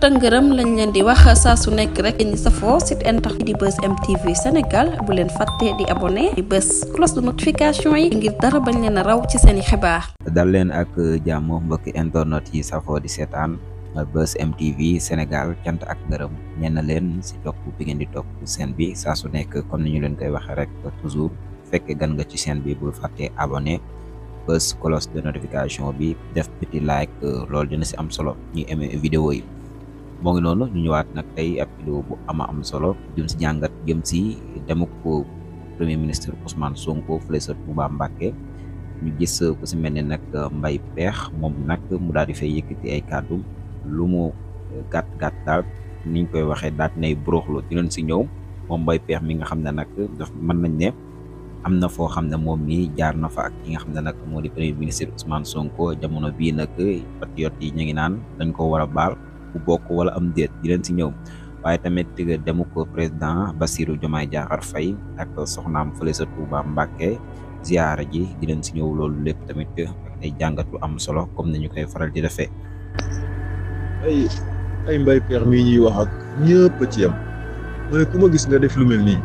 tëngërëm lañ leen di wax saa su nekk rek ñu safoo site internet di bës MTV Sénégal bu leen fàtte di abonné di bës cloche de notification yi ngir dara bañ leen a raw ci seen i xibaar. dal leen ak jàmm mbokki internet yi safoo di seetaan bës MTV Sénégal cant ak gërëm ñenn leen si topp bi ngeen di topp seen bi saa su nekk comme ni ñu leen koy waxee rek toujours fekkee gan nga ci seen bi bul fàtte abonné. bës cloche de notification bi def petit like loolu dina si am solo ñu aimé vidéo yi. mo ngi nonu ñu ñëwaat nak tay ab vidéo bu ama am solo jëm ci jangat jëm si demuk premier ministre Ousmane Sonko fële sa Touba Mbacké ñu gis ku ci melni nak mbay Mbaye mom nak mu daal di fay yëkëti ay kàddu lu mu e, gat dal ni ngi koy waxee daal nay buruxlu dinañ ci ñëw mom mbay Pekh mi nga xamne nak daf man nañ ne amna fo xamne mom mi jaar na fa ak ki nga xamne nak premier ministre Ousmane Sonko jamono bi nak patriote yi ñi ngi naan dañ ko wara ku bokk wala am déet di leen si ñëw waaye tamit demu ko président basiru Diomaye Diakhar fay ak soxnaam fële sa Touba Mbacké ziara ji di leen si ñëw loolu lépp tamit ak ay jàngat am solo comme nañu koy faral di defee ay ay mbay permis ñuy wax ak ñëpp ci yam ma ne ku ma gis nga def lu mel nii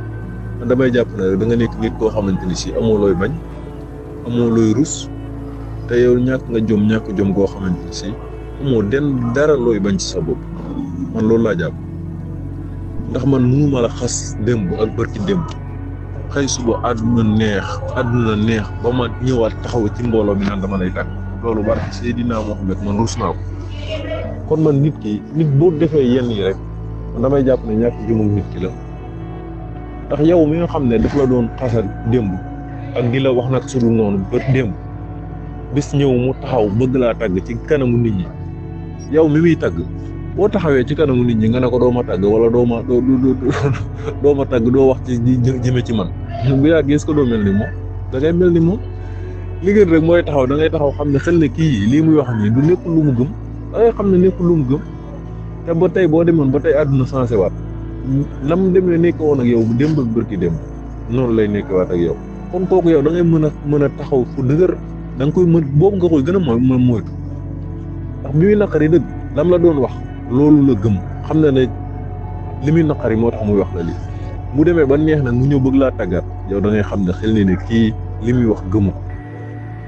man damay jàpp ne da nga nekk nit koo xamante ni si amoo looy bañ amoo looy rus te yow ñàkk nga jom ñàkk jom goo xamante ni si den dara loy bañ ci sa man loolu laa jàpp ndax man munuma la xas démb ak barki démb xëy suba àdduna neex àdduna neex ba ma ñëwaat taxaw ci mbooloo mi naan dama lay tàkk loolu barki seydina mohamed man rus naa ko kon man nit ki nit boo defee yenn yi rek man damay jàpp ne ñàkk jëmum nit ki la ndax yow mi nga xam ne daf la doon xasal démb ak di la wax nag sudul noonu ba démb bis ñëw mu taxaw bëgg laa tàgg ci kanamu nit ñi yow mi muy tagg boo taxawee ci kanamu nit ñi nga ne ko doo ma tàgg wala doo ma doo doo ma tàgg doo wax ci jëme ci man bu yàgg est ko que doo mel ni moom da mel ni moom li ngeen rek mooy taxaw da ngay taxaw xam ne xel ne kii lii muy wax nii du nekkul lu mu gëm da ngay xam ne nekkul lu mu gëm te ba tey boo demoon ba tey àdduna sensé waat nam demee nekk woon ak yow bu démb ak bërki démb noonu lay nekk waat ak yow kon kooku yow da ngay mën a mën a taxaw fu dëgër da nga koy mën boobu nga koy gën a moytu ndax bi muy naqari dëgg lam la doon wax loolu la gëm xam na ne li muy naqari moo tax muy wax la lii mu demee ba neex na mu ñëw bëgg laa tàggat yow da xam ne xel ni ne kii li muy wax gëmu ko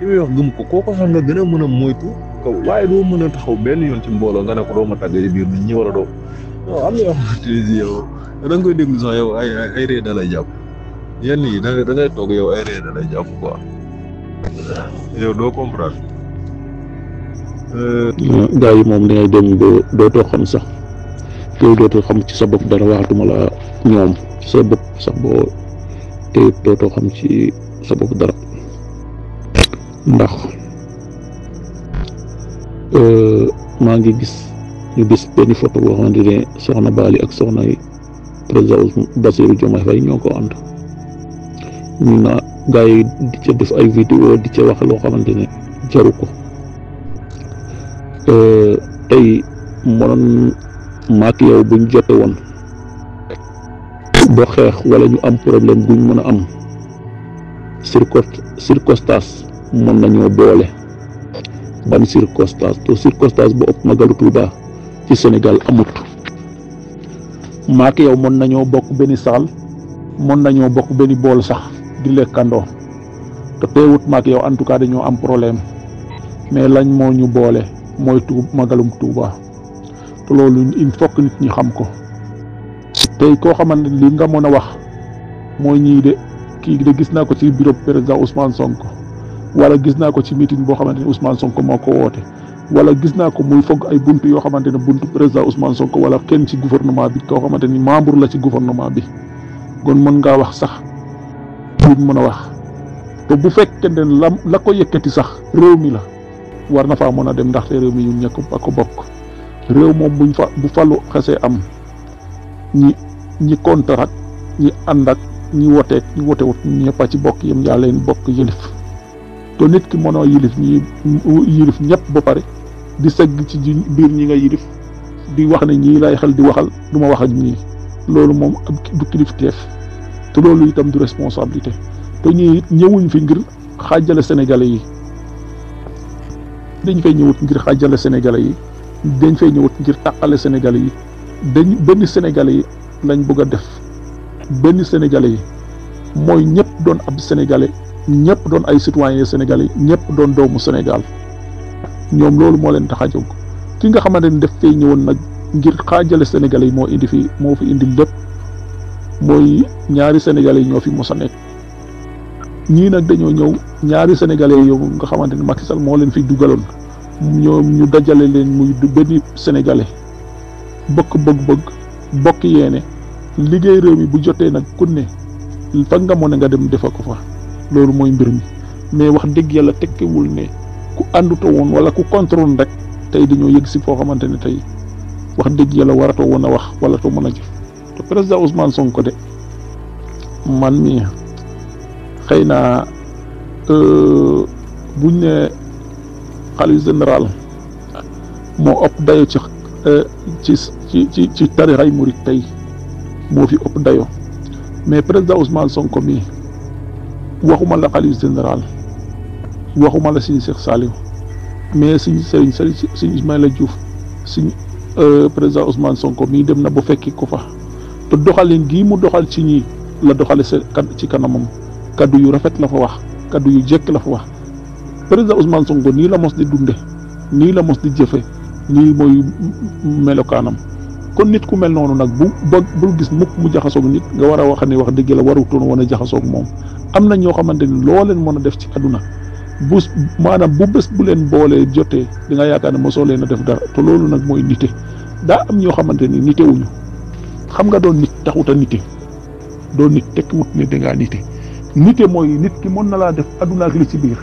li muy wax gëmu ko kooko sax nga gën a mën a moytu ko waaye doo mën a taxaw benn yoon ci mbooloo nga ne ko doo ma tàggat ci biir nit ñi wala doo non am na yoo xamante ni yow da nga koy déglu sax yow ay ay dalay da lay jàpp yenn yi da toog yow ay ree da lay jàpp quoi yow doo Euh, gaa yi moom dangay dem ba dootoo xam sax yow dootoo xam ci sa bopp dara waxatuma la ñoom ci sa bopp sax boo te dootoo xam ci sa bopp dara ndax euh, maa ngi gis ñu gis benn photo boo xamante ne soxna Bali ak soxna président Bassirou Diomaye Faye ñoo ko ànd ñu na gaa yi di ca def ay vidéo di ca wax loo xamante ne jaru ko tey monon maak yow buñ jote woon ba xeex wala ñu am problème buñ mën am circo circonstance mën nañoo boole ban circonstance to circonstance bu ëpp magalu tuba ci Sénégal amut maak yow mën nañoo bokk benn sal mën nañoo bokk benn bool sax di lekkandoo te teewut maak yow en tout cas dañoo am problème mais lañ moo ñu mooy tuub magalum Tuuba te loolu il faut que nit ñi xam ko tey koo xamante li nga mën a wax mooy ñii de kii de gis naa ko ci bureau président Ousmane Sonko wala gis naa ko ci meeting boo xamante ne Ousmane Sonko moo ko woote wala gis naa ko muy fogg ay bunt yoo xamante ne buntu président Ousmane Sonko wala kenn ci gouvernement bi koo xamante ni membre la ci gouvernement bi kon mën ngaa wax sax luñ mën a wax te bu fekk ne la la ko yëkkati sax réew mi la. war na faa mën dem ndax réew mi ñun ñëpp ak ko bokk réew moom buñ fa bu fallu xasee am ñi ñi contre ak ñi ànd ak ñi wote ñi wut ñi a ci bokk yem ya leen bokk yilif to nit ki mënoo yilif ñi yilif ñëpp ba pare di segg ci biir ñi nga yilif di wax ne ñi lay xel di waxal duma wax ak ñi loolu moom du kilifteef te loolu itam du responsabilité te ñi ñewuñ fi ngir xaajale sénégalais yi dañ fay ñëwut ngir xàjjale sénégalais yi dañ fay ñëwut ngir tàqale sénégalais yi dañ benn sénégalais yi lañ bëgg a def benn sénégalais yi mooy ñëpp doon ab sénégalais ñëpp doon ay citoyen sénégalais ñëpp doon doomu Sénégal ñoom loolu moo leen tax a jóg ki nga xamante ni def fee ñëwoon nag ngir xaajale sénégalais yi moo indi fii moo fi indi lépp mooy ñaari sénégalais yi ñoo fi mos a nekk. ñii nag dañoo ñëw ñaari sénégalais yow nga xamante ni Macky Sall moo leen fi dugaloon ñoom ñu dajale leen muy du benn sénégalais bokk bëgg-bëgg bokk yeene liggéey réew mi bu jotee nag ku ne fa nga mën ne nga dem defa ko fa loolu mooy mbir mi mais wax dëgg yàlla tekkiwul ne ku àndutoo woon wala ku contrôle rek tey dañoo yëg si foo xamante ne tey wax dëgg yàlla waratoo woon a wax wala too mën a jëf te président Ousmane Sonko de man mii. xëy na euh, buñ ne xalis général moo ëpp dayo ci euh, ci ci ci tarixay murit tey moo fi ëpp dayo mais président Ousmane Sonko mii waxuma la xalif général waxuma la suñu Cheikh Saliou mais suñu Serigne Serigne suñu Ismaïla Diouf suñu euh, président Ousmane Sonko mii dem na bu fekki ko fa te doxalin gii mu doxal ci ñii la doxale ci kanamam kaddu yu rafet la fa wax kaddu yu jekk la fa wax président Ousmane Sonko nii la mos di dunde nii la mos di jëfe nii mooy melokaanam kon nit ku mel noonu nag bu ba bul gis mukk mu jaxasoog nit nga war a wax ne wax dëgg la warutoon woon a jaxasoog moom am na ñoo xamante ni loo leen mën a def ci àdduna bu maanaam bu bés bu leen boolee jotee di nga yaakaar ne mosoo leen a def dara te loolu nag mooy nite daa am ñoo xamante ni nitewuñu xam nga doon nit taxut a nite doon nit tekkiwut ne dangaa nite nite mooy nit ki mën na laa def adduna ak li ci biir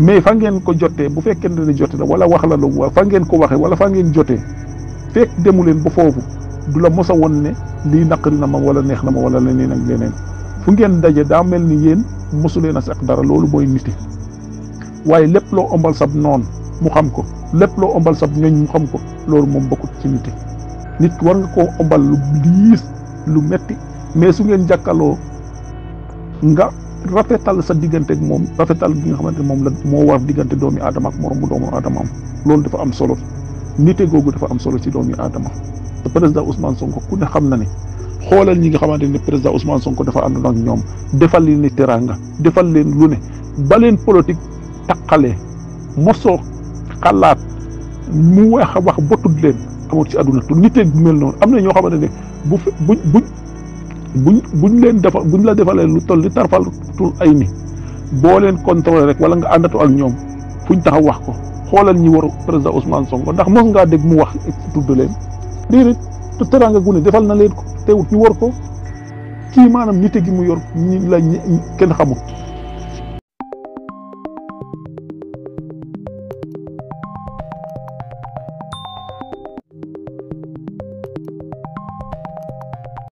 mais fa ngeen ko jotee bu fekkente ne jote la wala wax la lu fa ngeen ko waxee wala fa ngeen jotee fekk demu leen ba foofu du la mos a won ne lii naqari na ma wala neex na ma wala leneen ak leneen fu ngeen daje daa mel ni yéen mosu leen a seq dara loolu mooy nite waaye lépp loo ombal sab noon mu xam ko lépp loo ombal sab ñoñ mu xam ko loolu moom bokkut ci nite nit war nga koo ombal lu liis lu metti mais su ngeen jàkkaloo nga rafetal sa diggante moom rafetal bi nga xamante ne moom la moo war diggante doomi aadama ak moroom bu doomu aadama am loolu dafa am solo nite googu dafa am solo ci doomi aadama te président Ousmane Sonko ku ne xam na ne xoolal ñi nga xamante ne président Ousmane Sonko dafa àndoon ak ñoom defal leen ni teraanga defal leen lu ne ba leen politique taqalee mosoo xalaat mu wax a wax ba tudd leen amul ci àdduna tu nite bu mel noonu am na ñoo xamante ne bu bu bu buñ ñu leen defa buñ la defalee lu toll li tarfatul ay ni boo leen contrôlé rek wala nga àndatu ak ñoom fuñ taxaw wax ko xoolal ñi waru président Ousmane Sonko ndax mos ngaa dégg mu wax tudd leen déedéet te teraanga gu ne defal na leen ko teewut ñu war ko kii maanaam nite gi mu yor ñi la kenn xamul